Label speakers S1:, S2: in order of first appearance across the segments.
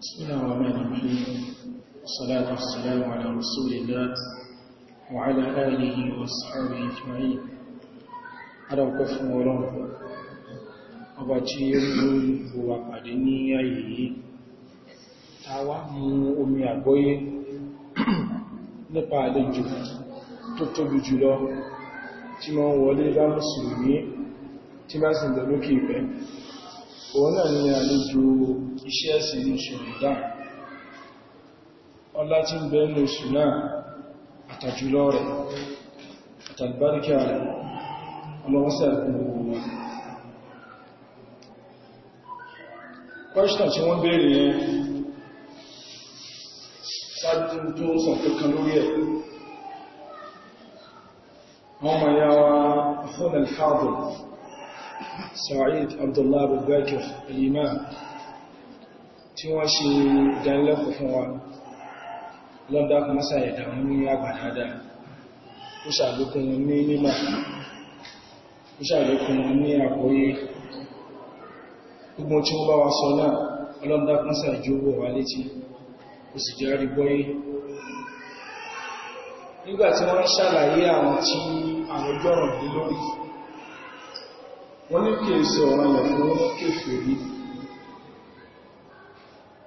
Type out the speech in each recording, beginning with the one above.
S1: بسم الله الرحمن الرحيم والصلاة والسلام على رسول الله وعلى آله وأصحابه أجمعين على وقف ورم أباتير وقدني أيه تاوى أمي أبوي nípa àlejò tó tóbi jùlọ tí ma ń wọlé bá mùsùlùmí tí bá sì lọ lókè ìpẹ́ òun náà ni àlejò iṣẹ́ ẹ̀sìn ní oṣù Ramadan ọlá tí ń bẹ ní oṣù náà àtàjùlọ rẹ̀ àtàlbáríkà rẹ̀ ọlọ́wọ́sẹ̀ ẹ̀kùn gbogbo wọn kọ́ṣtà tí wọ́n bèèrè yẹn sáájú wa fún al Sa'id Abdullah Abubakar al-Imam tí wọ́n ṣe ìdánilẹ́kọ̀ọ́ fún wa lọ́dá mọ́sá ìdàmú ní àgbàdádá ó ṣàlékún ní nímọ̀ ó ṣàlékún ní àkóyé gbogbo tí ó bá wa sọ náà ọlọ́dá mọ́sá ìjówó wà létí ó sì jẹ́ rí gbọ́yé nígbà tí wọ́n ṣàlàyé àwọn tí àwọn gbọ́rọ̀ lórí wọ́n ní kèèsì ọ̀rọ̀ yẹ̀ fún kéfèé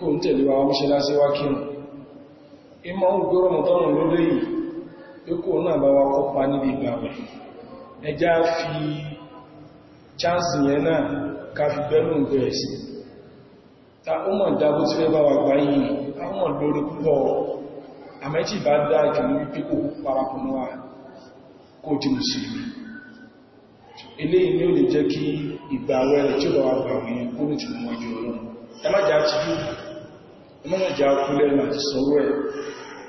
S1: kó ń tẹ̀lé wa wọ́n ṣe lásí wá kí wọn ìmọ̀ ń gbé lórí yìí náà bá níbi ìgbàmù ẹjá fi chánsì yẹn náà ká fi bẹ́rù ń ta ó mọ̀ dábó bá wà gbá yìí a mọ̀ lórí púpọ̀ àmẹ́tì bá dá parapọ̀ náà kó eléyìí ni ó lè jẹ́ ومن جعل كل علمة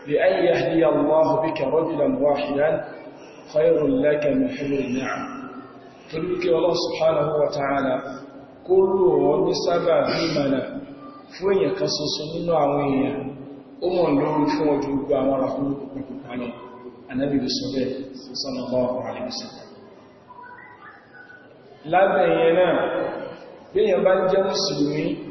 S1: لأن يهدي الله بك رجلا واحدا خير لك من حمل النعم فلك الله سبحانه وتعالى كل ونسبة بمنا فين يكسس من عوية أمن لهم فين وجود أمره وكبحانه النبي بالسبب صلى الله عليه وسلم لا بينا بين بلجة مسلمين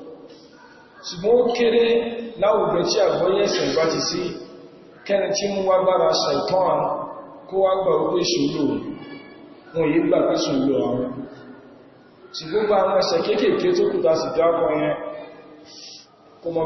S1: ṣùgbọ́n ó kéré láwùjọ tí àgbọ́yẹ̀ ẹ̀sìn bá ti sí kẹ́ni tí mú wá bára ṣàìtàn kó wá gbà ó pé ṣòlò wọn yìí gbà pé ṣòlò àwọn ṣùgbọ́n bá àwọn ẹ̀ṣẹ̀ kéékèèké tó kùtà sì dákọ̀ yẹn kò mọ̀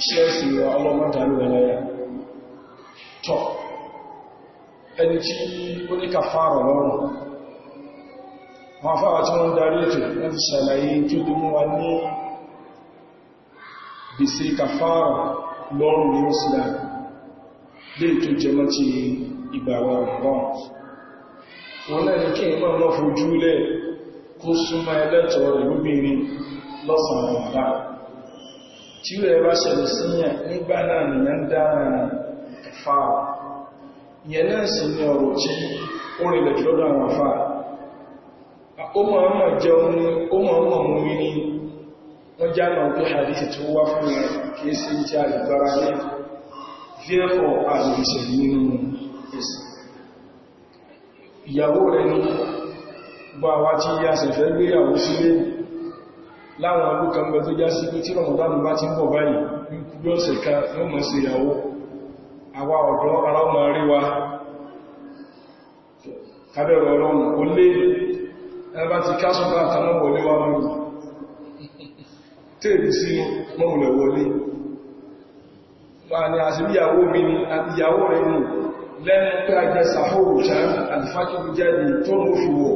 S1: iṣẹ́ ẹ̀sìn wa ọlọ́mọdàlú ẹlẹ́yà tọ́ ẹni tí ó ní kàfàrọ̀ lọ́rùn wọn fáwà tí wọ́n darí ètò wọ́n ṣàlàyé tó mú wa ní gbèsè kàfàrọ̀ lọ́rùn ní islam lè tó jẹ mọ́ ti lọ́sàn tí rẹ̀ bá ṣẹlẹ̀ sí yẹn nígbà náà nìyẹn dára ẹ̀fà yẹn náà sì ní ọ̀rọ̀ tí ó rìnlẹ̀ jù lọ́dọ̀ àwọn àfà ó mọ̀ ọmọ jẹun ní ó mọ̀ mú mi ní wọ́n já náà pé hadithi tó wá fún rẹ̀ kìí sí ti àlùbára ní fíẹ́fọ̀ àlùbìṣẹ̀ nínú ẹ̀sìn ìyàwó rẹ̀ ní gbọ́ àwá tí yá sẹ̀fẹ́ gbéyàwó sílé láwọn olúkà ń bẹ tó já sí pé tí rọmọdánù bá ti ń bọ̀ báyìí bí ọ̀sẹ̀ ká yóò mọ̀ sí ìyàwó àwa ọ̀dọ́ ara ọmọ rí wa kábẹ̀rẹ̀ ọlọ́run ó lé ẹbá ti kásùn bá àtàmọ́ wọlé wá ni àtìyàwó rẹ̀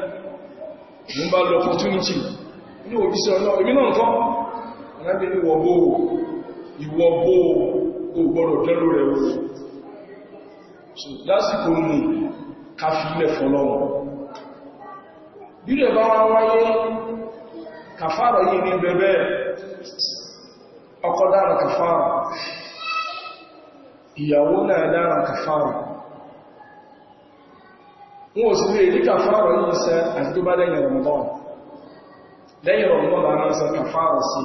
S1: mo bá lọ opportunity ní òbíṣẹ́ ọlọ́ èmi náà kọ́ anábì ní ìwọ̀bó ìwọ̀bó o bụ dẹ́rù rẹ̀ o so lásìkò mú ká fi ilẹ̀ bá wáyé yìí ní bẹ̀bẹ̀ ọkọ dára kàfàrà ìyàwó náà dára kàfàrà wọn ò sì lè rí kàfàrà yìí sẹ àti tó bá lẹ́yìn Ramadan lẹ́yìn Ramadan bá máa sọ kàfàrà sí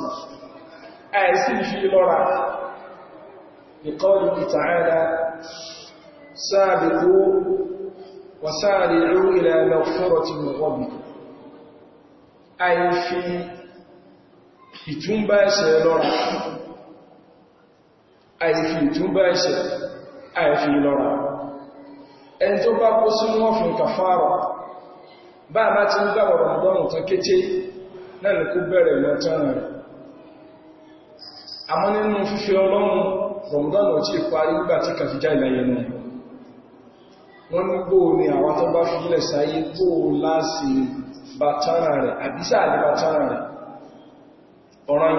S1: àìsí fi lọ́ra ìkọlù ta'ala sáàbìkú وسارعوا إلى مغفرة من ربكم أي في ìtúnbá ẹ̀ṣẹ̀ lọ́ra àìfi ìtúnbá ẹ̀ṣẹ̀ àìfi lọ́ra ẹni tó bá kó sínú ọ̀fìn kàfàrọ̀ bá bá ti ń gbàwọ̀ rọ̀mọ̀dọ́nù tán kété náà ní kó bẹ̀rẹ̀ lọ́tán rẹ̀ nínú parí gbà wọ́n ní àwọn tó bá fi sáyé bàtánà rẹ̀ àbísà àti bàtánà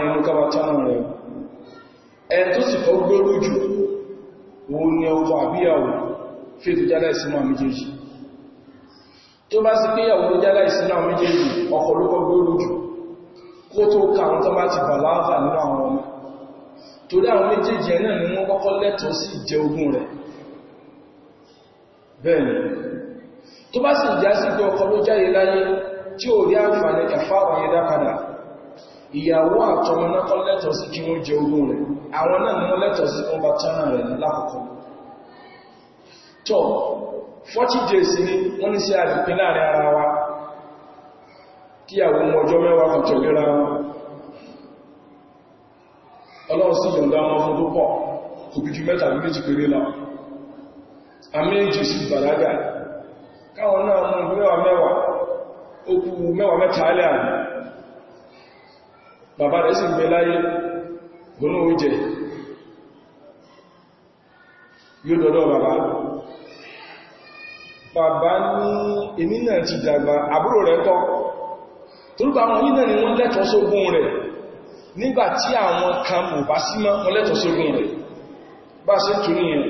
S1: rẹ̀ ká bàtánà rẹ̀ fi ètò jálá ìsinú àwọn méjèèjì tó bá sí péyàwó ló jálá ìsinú àwọn méjèèjì ọkọ ló jù kó tó ka àwọn tó bá ti bàlágà nínú àwọn ọmọ torí àwọn méjèèjì ẹ̀ ni wọ́n kọ́kọ́ lẹ́tọ̀ọ́ sí ìjẹ ogún rẹ̀ bẹ́ẹ̀ni tó bá sì já sí pé ọkọ ló jáde láyé tí ò rí àǹfààní kàfàrà yẹn dápadà ìyàwó àtọmọ náà kọ́ lẹ́tọ̀ọ́ sí kí wọ́n jẹ ogún rẹ̀ àwọn náà ni wọ́n lẹ́tọ̀ọ́ sí wọ́n bá tọ́nà rẹ̀ lákọ̀ọ́kọ́ tọ́ 40 days ní wọ́n ní sí àdìpín láàrin ara wa kí àwọn ọmọ ọjọ́ mẹ́wàá kan tẹ̀lera wọn ọlọ́run sí yọ̀ǹda ọmọ fún tó kò bí ju mẹ́ta bí méjì lọ sí káwọn náà mú mẹ́wàá mẹ́wàá mẹ́wàá mẹ́ta alẹ́ àmì bàbá rẹ̀ sì ń bẹ bàbá ní èmi náà ti dàgbà àbúrò rẹ̀ kọ́ torúkọ àwọn yìí náà ni wọ́n lẹ́tọ̀ọ́ sógún rẹ̀ nígbà tí àwọn kan ò bá sí mọ́ wọ́n lẹ́tọ̀ọ́ sógún rẹ̀ bá ṣe tún nìyẹn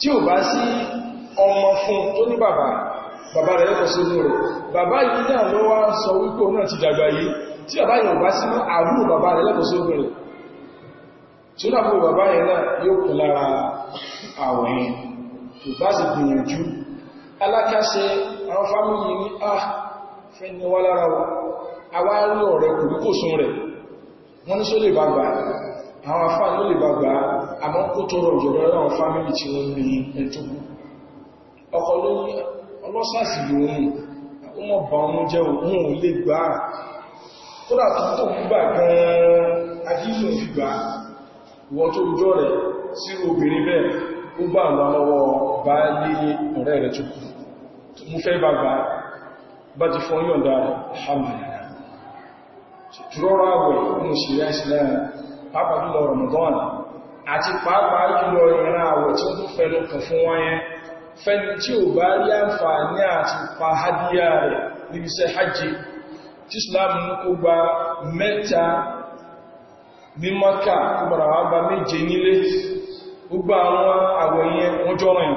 S1: tí ò bá sí ọmọ fún tó ní bàbá bàbá rẹ̀ lẹ́tọ̀ọ́ sógún rẹ̀ bàbá yìí náà ló wá sọ wípé náà ti dàgbà yìí tí bàbá yìí ò bá sí mọ́ àbúrò bàbá rẹ̀ lẹ́tọ̀ọ́ sógún rẹ̀ tí ó dàbò bàbá bá sì gbìyànjú alákàṣẹ àwọn fámílì ní ah fẹ́ni wá lára wà àwá rí ọ̀rẹ́ kùrú kò sún rẹ̀ wọ́n ní só lè bá gbà àwọn afá ló lè bá gbà àmọ́ kó tó rọ̀ jọ̀rọ̀ àwọn fámílì tí wọ́n ní ẹ̀tùkú ọkọ̀ lóyún ọlọ́sàsì lòun ọmọ bá ó bá àwọn lọ́wọ́ bá lé ọ̀rẹ́ rẹ̀ tó kù mo fẹ́ bàbá bá ti fún yọ̀nda alhamdulillah rọ́rọ̀ àwẹ̀ inú ṣìrí islam pàápàá jùlọ ramadan àti pàápàá jùlọ ìran àwẹ̀ tí ó tó fẹ́nu kan fún wáyẹn fẹ́ni tí ò bá rí àǹfààní àti pa hadiya rẹ̀ níbi iṣẹ́ hajji tí islam ní kó gba mẹ́ta ní maka kó bàrà wá méje nílé gbogbo àwọn àwẹ̀ yẹn wọ́n jọ́rọ̀ yẹn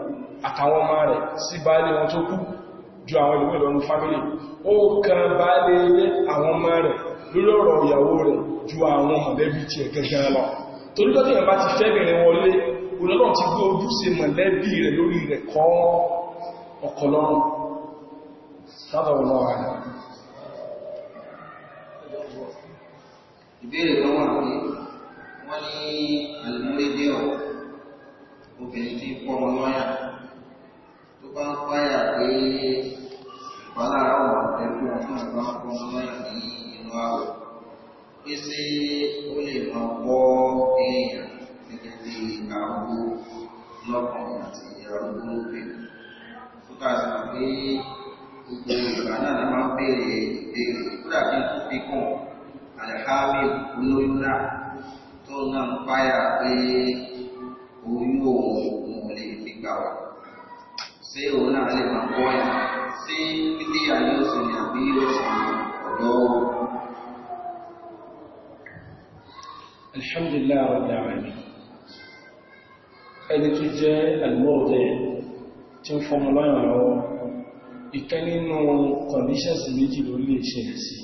S1: àtàwọn ọmọ rẹ̀ sí baálé wọn tó kú ju àwọn ìlú ìlọ́nu fámílì ó kan baálé ilé àwọn ọmọ rẹ̀ lórí ọ̀rọ̀ ìyàwó rẹ̀ ju àwọn mọ̀lẹ́bí tiẹ̀ gẹ́gẹ́ lọ torí tó ti fẹ́bìnrin wọlé olóòrùn ti gbé ojúṣe mọ̀lẹ́bí rẹ̀ lórí rẹ̀ kọ́ ọkọlọ́run sábà wọn wà ní
S2: ìbéèrè obìnrin tí pọ́ wọn lọ́yà bá ń páyà pé wàhálà àwọn ọ̀tẹ̀ fún ọ̀fún ìgbà ọkọ̀ náà ní inú àwọ̀ pé sí ó lè máa kọ́ èèyàn gẹ́gẹ́ bí arúgbó lọ́kùnrin àti arúgbó lóbìnrin tó ká sí pé gbogbo ìgbà náà ni máa ń béèrè ìbéèrè kódà bí n tó olóyún náà tó náà ń páyà pé oyún òun òun lè fi gbà wà. စေဝနာလေးမှာပေါ်ရစေကိတိယလို့ဆိုရပြီးလို့ဆိုတော့ الحمد لله رب العالمين
S1: ẹni tó jẹ́ àlùmọ́ọ̀dẹ́ tí ń fọmọ lọ́yàn lọ́wọ́ ìkẹ́ nínú conditions méjì ló lè ṣẹlẹ̀ sí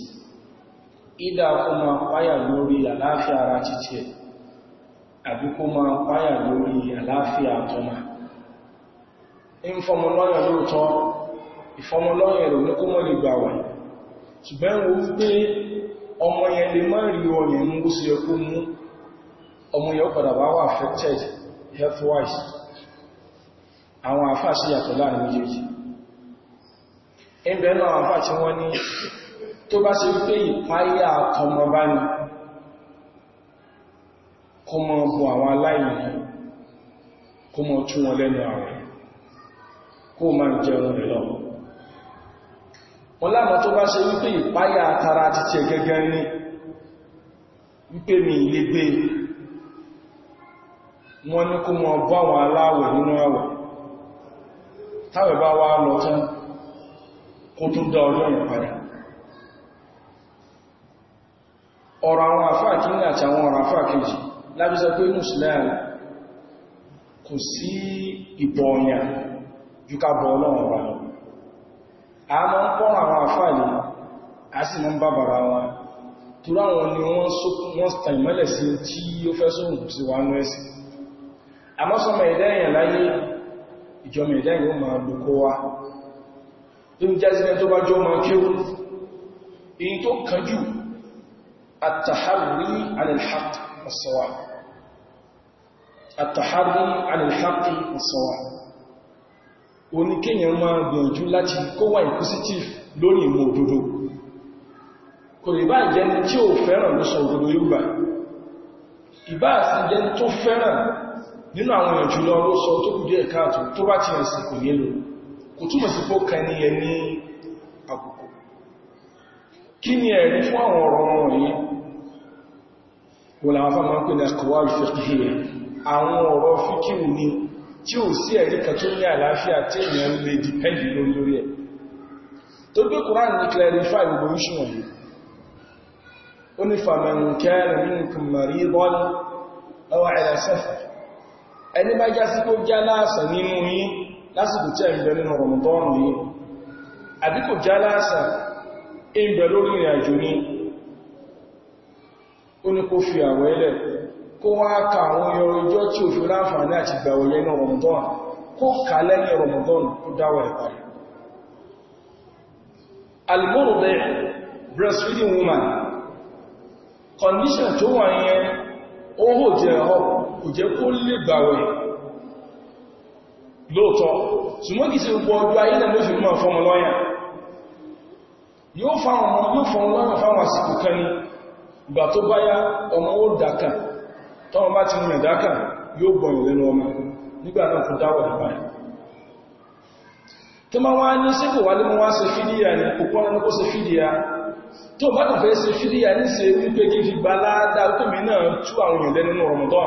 S1: ìdá kó máa páyà lórí àláfíà ara títí ẹ̀ àbí kó máa páyà lórí àláfíà àtọ́mà ń fọmọlọ́yàn lóòtọ́ ìfọmọlọ́yàn rò ní kó mọ́ lè gbà wà ṣùgbọ́n wo wípé ọmọ yẹn lè má rí ọyàn mú ó sì yẹ mú ọmọ yẹn padà wá wà affected health wise àwọn àfáà sí yàtọ̀ láàrin méjèèjì ẹgbẹ̀rún àwọn àfáà tí wọ́n ní tó bá ṣe wípé ìpáyà ọmọ bá ní kọmọ bọ̀ àwọn aláìní kọmọ tún wọn lẹ́nu àwọn kó máa rẹ̀ lọ wọ́n tó bá ṣe wípé ìpáyà tara ti tẹ gẹ́gẹ́ ní wípé mi ilé gbé e. wọ́n ní kó mọ bọ́ àwọn aláwẹ̀ nínú àwẹ̀ táwẹ̀ bá wá lọ tán kó tó dá ọlọ́run padà ọ̀rọ̀ àwọn àfáà àti àwọn ju ká bọ ọlọ́run ọba lọ a máa ń kọ́ àwọn àfáàlì a sì máa ń bá bàbá wọn torí àwọn ni wọ́n wọ́n ta ìmọ́lẹ̀ sí tí ó fẹ́ sóhùn sí wa nú ẹ̀sìn التحري عن الحق والصواب التحري عن الحق والصواب oníkéyàn máa gbìyànjú láti kó wà inquisitive lórí ìmọ̀ òdodo kò lè bá ìjẹni tí ó fẹ́ràn ló sọ òdodo yorùbá ìbá àti ìjẹni tó fẹ́ràn nínú àwọn èèyàn jùlọ ló sọ tó kù díẹ̀ káàtù tó bá ti ẹ̀sìn kò nílò kò túnmọ̀ sí fókà ní ẹ tí ò sí ẹ̀rí kan tó ní àlàáfíà tí èèyàn lè dìpẹ́ndì lórí ẹ̀ tó gbé Kùránì ní clarify gbogbo iṣu wọ̀nyí ó ní fàmàǹkẹ́ na maridan aw ala safar ẹni bá já sí kó já láàsàn kó wá ka àwọn ẹran ọjọ́ tí ò fi láǹfààní àti ìgbàwọ̀ yẹn ní Ramadan kó kà lẹ́yìn Ramadan kó dáwọ̀ ẹ̀ parí almurdi breastfeeding woman condition tó wà yẹn ó hò jẹ́ ọ̀ kò jẹ́ kó lè gbàwẹ̀ lóòtọ́ ṣùgbọ́n kìí ṣe gbogbo ọjọ́ ayé náà ló fi mọ́ fọ́mọ lọ́yà yóò fáwọn ọmọ yóò fọ́mọ lọ́yà fáwọn àsìkò kan ìgbà tó báyá ọmọ ó dàkàn tọ́wọ́n bá ti mú ìdákà yóò gbọ̀nyìn lẹ́nu ọmọ nígbà náà fún dáwọ̀ ìbáyìí tó máa wá ní sípò wà lẹ́mọ́ wá ṣe fídíà ní púpọ̀ lẹ́nu kó ṣe fídíà tó bá kàn fẹ́ ṣe ní ṣe wípé kí fi gba ládàá mi náà mi tó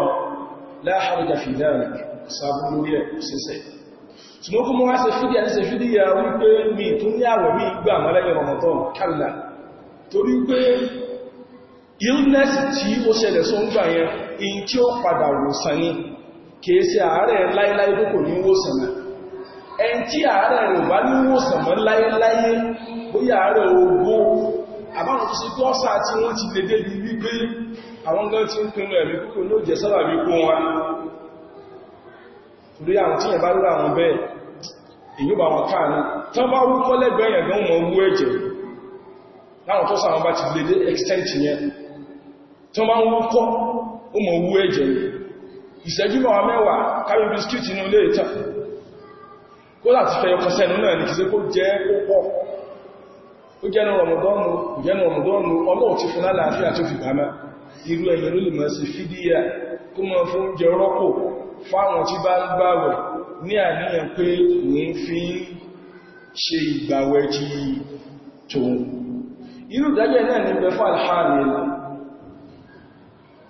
S1: ní àwẹ̀ mi gbà mọ́ torí pé illness tí ó ṣẹlẹ̀ sọ ń gbà yẹn in tí ó padà wòsàn ní kìí ṣe ààrẹ láíláí tó kò ní wòsàn náà ẹn tí ààrẹ rẹ̀ bá ní wòsàn mọ́ láíláí bóyá ààrẹ ogbó àbáwọn tó ṣe tó ọ́sà tí wọ́n ti dédé bí wípé àwọn gan ti ń pinnu ẹ̀mí kúkò ló jẹ́ sábà bí kó wọn torí àwọn tí yẹn bá rí àwọn bẹ́ẹ̀ èyí bá wọn káà ní tán bá wúkọ́ lẹ́gbẹ̀ẹ́ yẹn gan mọ̀ owó ẹ̀jẹ̀ láwọn tó sàwọn bá ti wúkọ́ ó mọ̀ owó ẹ̀jẹ̀ ìṣẹ́jú mọ́wàá mẹ́wàá kárí biskit inú ilé ìtàn kó láti fẹ́ ọkọ̀ṣẹ́ inú náà ní kìí kó jẹ́ púpọ̀ ó jẹ́nu rọmọdọ́nù ìjẹ́nu rọmọdọ́nù ọlọ́ọ̀ ti fún lálàáfíà tó fi bàmá irú ẹ̀yìn ló lè irú ìdájẹ́ náà ní bẹ fún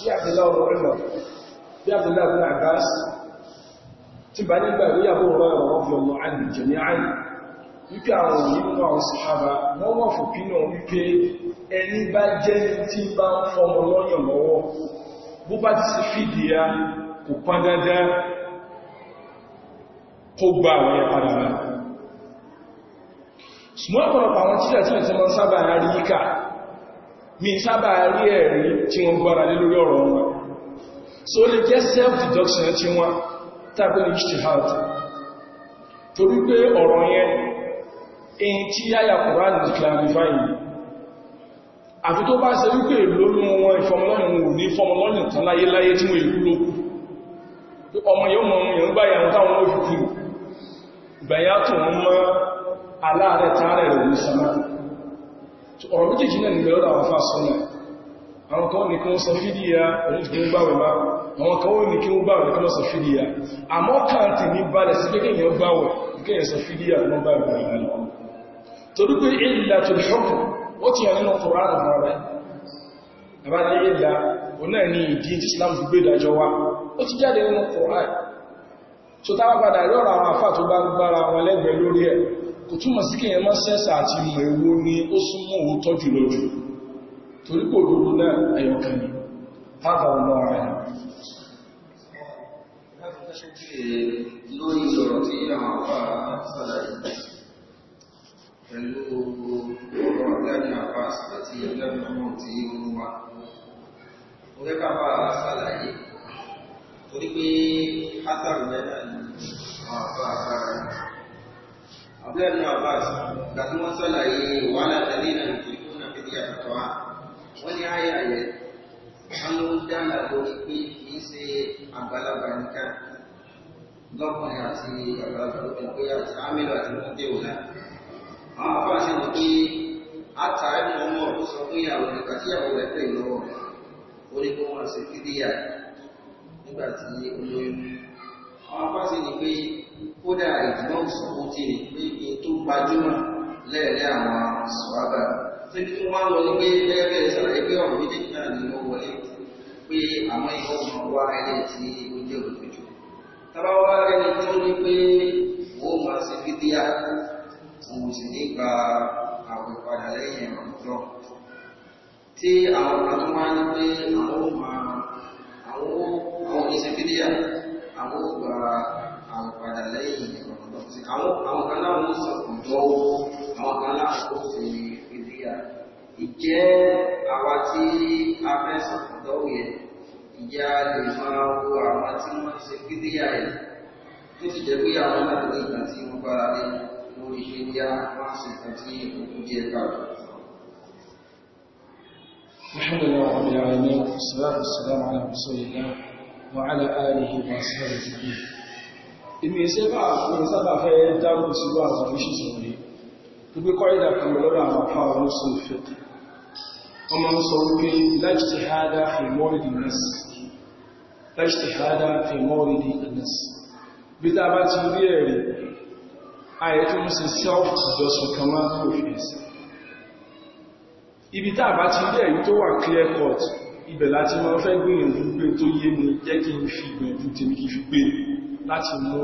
S1: bí àbìlá ọmọ ẹ̀mọ̀ bí àbìlá ọmọ àgbás tí bá nígbà ìyàwó ọmọ ẹ̀rọ fi ọmọ àìní jẹ ní àìní wípé àwọn nínú àwọn sàhábà wọ́n wọ́n fò kí náà wípé ẹni bá jẹ́ tí bá ń fọmọ lọ́yàn lọ́wọ́ bó bá ti sì fìdí ya kò pán dáadáa kó gba àwọn ẹ̀ ṣùgbọ́n ọ̀pọ̀lọpọ̀ àwọn tí mi sábà rí ẹ̀rí tí wọ́n gbára lé lórí ọ̀rọ̀ wọn so lè jẹ́ self-deduction tí wọ́n tàbí ishtihad torí pé ọ̀rọ̀ yẹn èyí tí yáyà Quran ní clarify àfi tó bá ṣe wípé lórí wọn ìfọmọlọ́rin ò ní fọmọlọ́rin tán láyé láyé tí wọ́n èkú lókù ọmọ yóò mọ̀ ọmọ yóò ọ̀rọ̀ méjèèjì náà nílẹ̀ lọ́dọ̀ àwọn fáà sọ́nà àwọn kan ní kí wọ́n san fídíà oníṣùgbọ́n gbáwẹ̀ má àwọn kan ní kí wọ́n gbáwẹ̀ kí wọ́n san fídíà àmọ́ káàntì ní balẹ̀ sí kéèké èèyàn gbáwẹ̀ kéèké èèyàn san fídíà ló ń gbáwẹ̀ gbáwẹ̀ lọ torí pé ìlà tó Islam fi gbé ìdájọ́ wá ó ti jáde nínú kòránà so tábà padà rí ọ̀rọ̀ àwọn kò túnmọ̀ sí kíyàn mọ́ sẹ́sà àti ìmọ̀ ewu ni ó súnmọ́ òótọ́ jùlọ jù torí pò òdodo
S2: náà ẹ̀yọ̀kan ni hábà ọmọ ara ẹ̀ lórí ọ̀rọ̀ tí àwọn àpá sàlàyé pẹ̀lú ọ̀rọ̀ ọ̀gáyìn àpá àti torí pé átàrí mẹ́rin àwọn àpá àpá rẹ̀ Abdullahi bin Abbas ga kuma sallaye wala dalila yushrikuna bi yatwa wani aya yẹ àwọn dáná lórí pé kìí ṣe àgbàlagbà nìkan lọ́kùnrin àti àgbàlagbà lókùnrin pé àti amílò àti mọ́tẹ́ òlà àwọn àbá ṣe wọ́n pé àtàrí mọ́ ọmọ ọ̀rọ̀ sọ pé ìyàwó rẹ̀ kàtí ìyàwó rẹ̀ pè lọ́wọ́ ó ní kó wọ́n ṣe fídíà nígbà tí olóyún àwọn àbá ṣe ni pé kódà ìdìmọ̀ sọ̀kútì ní pé in tó gbajúmọ̀ lẹ́ẹ̀lẹ́ àwọn sọ̀rọ̀bà tí kí wọ́n lọ ní pé ẹgbẹ́ ìṣàlàyé pé ọ̀rọ̀ méjì náà ni ó wọlé pé àwọn ìwọ̀n ọmọ wa ẹlẹ́ tí òjòjò tábà wá ní pé máa ṣe fídíà òun sì ní gba lẹ́yìn tí àwọn àwọn padà lẹ́yìn ọ̀pọ̀lọpọ̀ sí àwọn kan láwọn ó sọ̀kùn lọ́wọ́ àwọn kan láwọn ó sì ìdíyà ìjẹ́ àwa tí a fẹ́ sọ̀kùn lọ́wọ́ yẹn ìjà lè máa wo àwọn tí wọ́n ṣe ìdíyà yẹn tó ti jẹ́ pé àwọn náà ní ìgbà tí wọ́n bára lé lórí ṣe bí wọ́n sì kan tí òkú jẹ́ báwọ̀. الحمد
S1: لله رب العالمين والصلاة والسلام على رسول الله وعلى آله وأصحابه أجمعين èmi ìṣẹ́bà àwọn ìsábà fẹ́ dáàbò sí wà àwọn oríṣìí rí wípé kọ́ ìdà kan lọ́dọ̀ àwọn apá ọ̀rọ̀ sí ìfẹ́ ọmọ ń sọ wípé láìjìtìhádá fèmọ́rìdì nẹ́sì láìjìtìhádá fèmọ́rìdì nẹ́sì bí tá bá ti rí ẹ̀rí ayé tó ń ṣe self-judgment kan wá ní òfìsì ibi tá bá ti rí tó wà clear cut ibẹ̀ láti máa fẹ́ gbìyànjú pé tó yé mi jẹ́ kí n fi gbìyànjú tèmi kì í fi gbé láti mú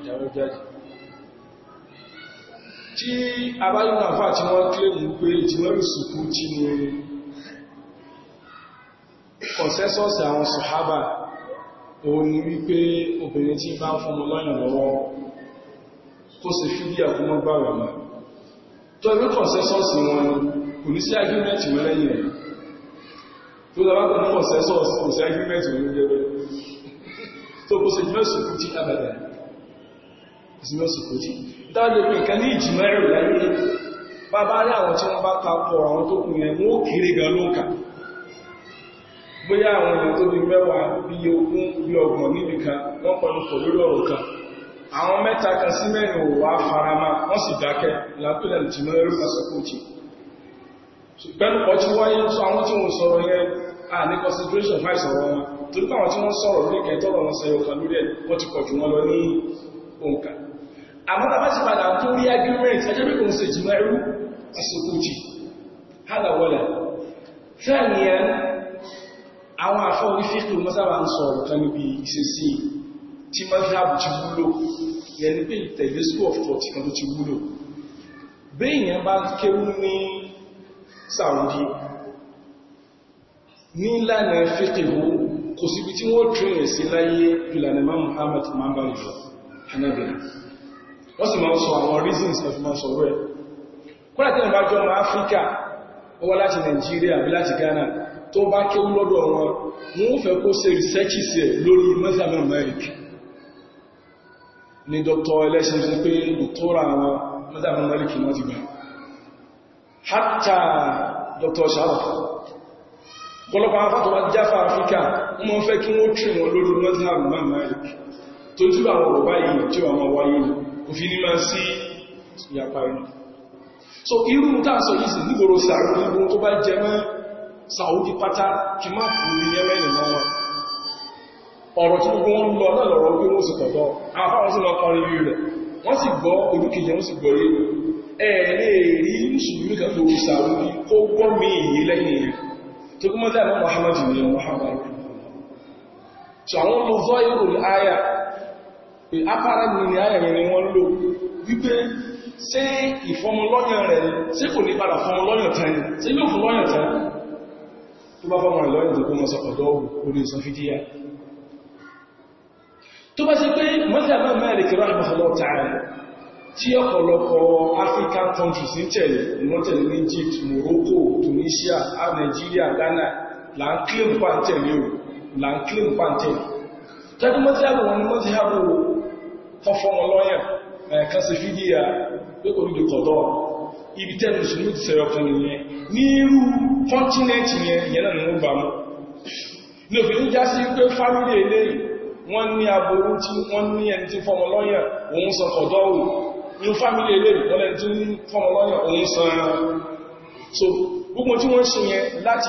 S1: ìyàwó jáde tí abájúmọ̀ àfáà tí wọ́n kílè mú pé ìtìmọ́rì sùkú tí ní kọ̀nsẹ́sọ́sì àwọn sọ̀hábà òun ni wípé obìnrin tí bá ń fọmọ lọ́yàn lọ́wọ́ kó sì fi bí àkúmọ́ gbà rẹ̀ mọ́ tó ẹgbẹ́ kọ̀nsẹ́sọ́sì wọn kò ní sí agímẹ́ntì mọ́lẹ́yìn rẹ̀ tó lọ́wọ́ kọ̀nsẹ́sọ́sì kò sí agímẹ́ntì mọ́lẹ́yìn rẹ̀ tó kó sí ìjìmọ̀ ìsìnkútí abẹ̀bẹ̀ ìjìmọ̀ ìsìnkútí dáadé pé nǹkan ní ìjìmọ̀ ẹ̀rù láyé bàbá rí àwọn tí wọ́n bá tapọ̀ àwọn tó kù yẹn wọ́n kéré gan ló ń kà bóyá àwọn èèyàn tó bí mẹ́wàá bí ogún bí ọgbọ̀n níbi kan wọ́n pẹ̀lú pọ̀ lórí ọ̀rọ̀ kan àwọn mẹ́ta kan sí mẹ́rin ò wá farama wọ́n sì dákẹ́ lápẹ́lẹ̀ ìjìmọ̀ ẹ̀rù ìsìnkútí pẹ̀lú ọtí wáyé tó àwọn tí wọ́n sọ̀rọ̀ yẹn à ní torí báwọn tí wọ́n sọ̀rọ̀ lórí kẹtọ́rọ̀ wọn sẹ́yọ kan lórí ẹ̀ wọ́n ti pọ̀ jù wọn lọ ní òǹkà àmọ́ bàbá ti padà tó rí agreement ẹjẹ́ pé kò ń ṣe jìmọ̀ ẹrú àsìkòjì hádàwọ́là fẹ́ẹ̀nìyàn àwọn afọ́ orí fíkì mọ́sára ń sọ̀rọ̀ Saudi ní ìlànà fíkì kò síbi tí wọ́n tírẹ̀ sí láyé ìlànà Imam Muhammad máa bá nìjọ hanabila
S2: wọ́n sì máa sọ àwọn reasons of
S1: máa sọ rẹ̀ kọ́lá tí wọ́n bá jọ ọmọ Áfíríkà ó wá láti Nàìjíríà àbí láti Ghana tó bá kéwú lọ́dọ̀ wọn wọ́n fẹ́ kó ṣe researches ẹ̀ lórí mẹ́sàmẹ́ Amẹ́ríkà ni Dr. election ti pé dòtọ́rà àwọn mẹ́sàmẹ́ Amẹ́ríkà wọ́n ti gbà hátà Dr. Sharaf pọ̀lọpọ̀ afọ́tọ̀wà jáfà Áfíríkà wọ́n fẹ́ kí wọ́n tún wọn lórí northern mamalik tó tí àwọn ọ̀rọ̀ báyìí tí wọ́n máa wáyé kò fi ní máa sí ìyapa so irú tààsọ yìí sí nígboro sàárù nígbò tó bá jẹ mọ́ Saudi kí má fún ní ẹmẹ́ ìnà wọn ọ̀rọ̀ Saudi kó Muhammadu ni Muhammadu so àwọn mú zọ́ ìrò àyà pé apára nìyàn àyà rẹ̀ wọ́n lò wípé ṣé ìfọmọlọ́yàn rẹ̀ ṣé kò ní padà fọmọlọ́yàn tán ni ṣé yóò fọmọlọ́yàn tán tó bá fọmọlọ́yàn tó kó mọ́ sọ̀kọ̀dọ́ orí ìsan fídíyà tó bá ṣe pé mọ́sílẹ̀mọ́ Malik African countries ń tẹ̀lé wọ́n Egypt Morocco Tunisia Nigeria Ghana là ń claim là ń kílè pàǹtẹ̀ tẹ́kù mọ́tíhábù wọn ni mọ́tíhábù kọfọ́mọ lọ́yẹ̀ kan sí fídíà pé kò nídìí kọ̀dọ̀ ibi tẹ́ mùsùlùmí ti sẹ̀rọ fún nìyẹn ní irú ni wọ́n bá mú ní òfin ń já sí pé fámílì eléyìí wọ́n ní aburú so gbogbo tí wọ́n ṣe yẹn láti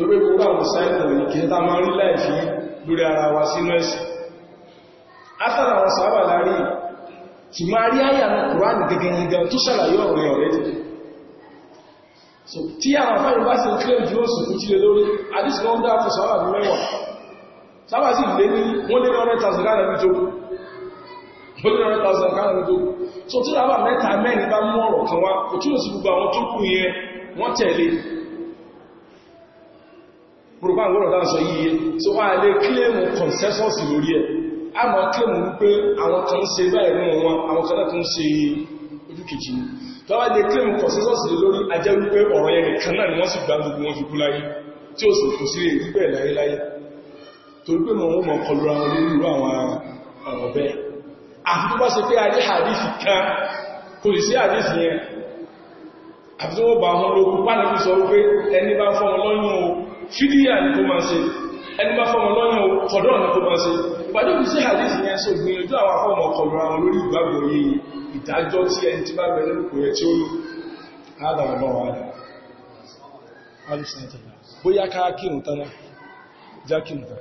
S1: tó pé gbogbo àwọn sáìtì ní kí ta máa rí láìfí lórí ara wa sínú ẹ̀sìn afẹ́ra àwọn sábà lárí ṣùgbọ́n rí àyà náà kùránì gẹ́gẹ́ gẹ́gẹ́ tó ṣàlàyé ọ̀rẹ́ ọ̀rẹ́ tí àwọn afẹ́rin bá ṣe kílẹ̀ jù oṣù fún kílẹ̀ lórí àdísì wọ́n dá fún sábà so tí lábà mẹ́ta mẹ́rin bá mú ọ̀rọ̀ kan wá òtún òsì gbogbo àwọn gbogbo àwọn ọ̀rọ̀ sọ yíye so wà lè kílèmù consensus lórí ẹ̀ a mọ̀ kílèmù wípé àwọn kan ṣe báyìí nínú wọn àwọn kan lẹ́kùn ṣe ojú kejì ni tó wà lè kílèmù consensus lórí ajẹ́ wípé ọ̀rọ̀ yẹn nìkan náà ni wọ́n sì gbá gbogbo wọn fi kú láyé tí ó sì kù sí èrí bẹ́ẹ̀ láyé láyé torí pé wọn mọ̀ kọlu àwọn olórí irú àwọn ọ̀rọ̀ bẹ́ẹ̀ àfi tó bá ṣe pé adé hadith kan kò sí fídíà ní kó máa ṣe ẹni bá fọ́mọ lọ́yàn kọ̀dọ̀ ní kó máa ṣe pàdé kù sí hadith yẹn so gbìyànjú àwọn afọ́mọ ọkọ̀rọ̀ àwọn lórí ìgbàgbọ́ yìí ìdájọ́ tí ẹni tí bá kò yẹ tí ó lò náà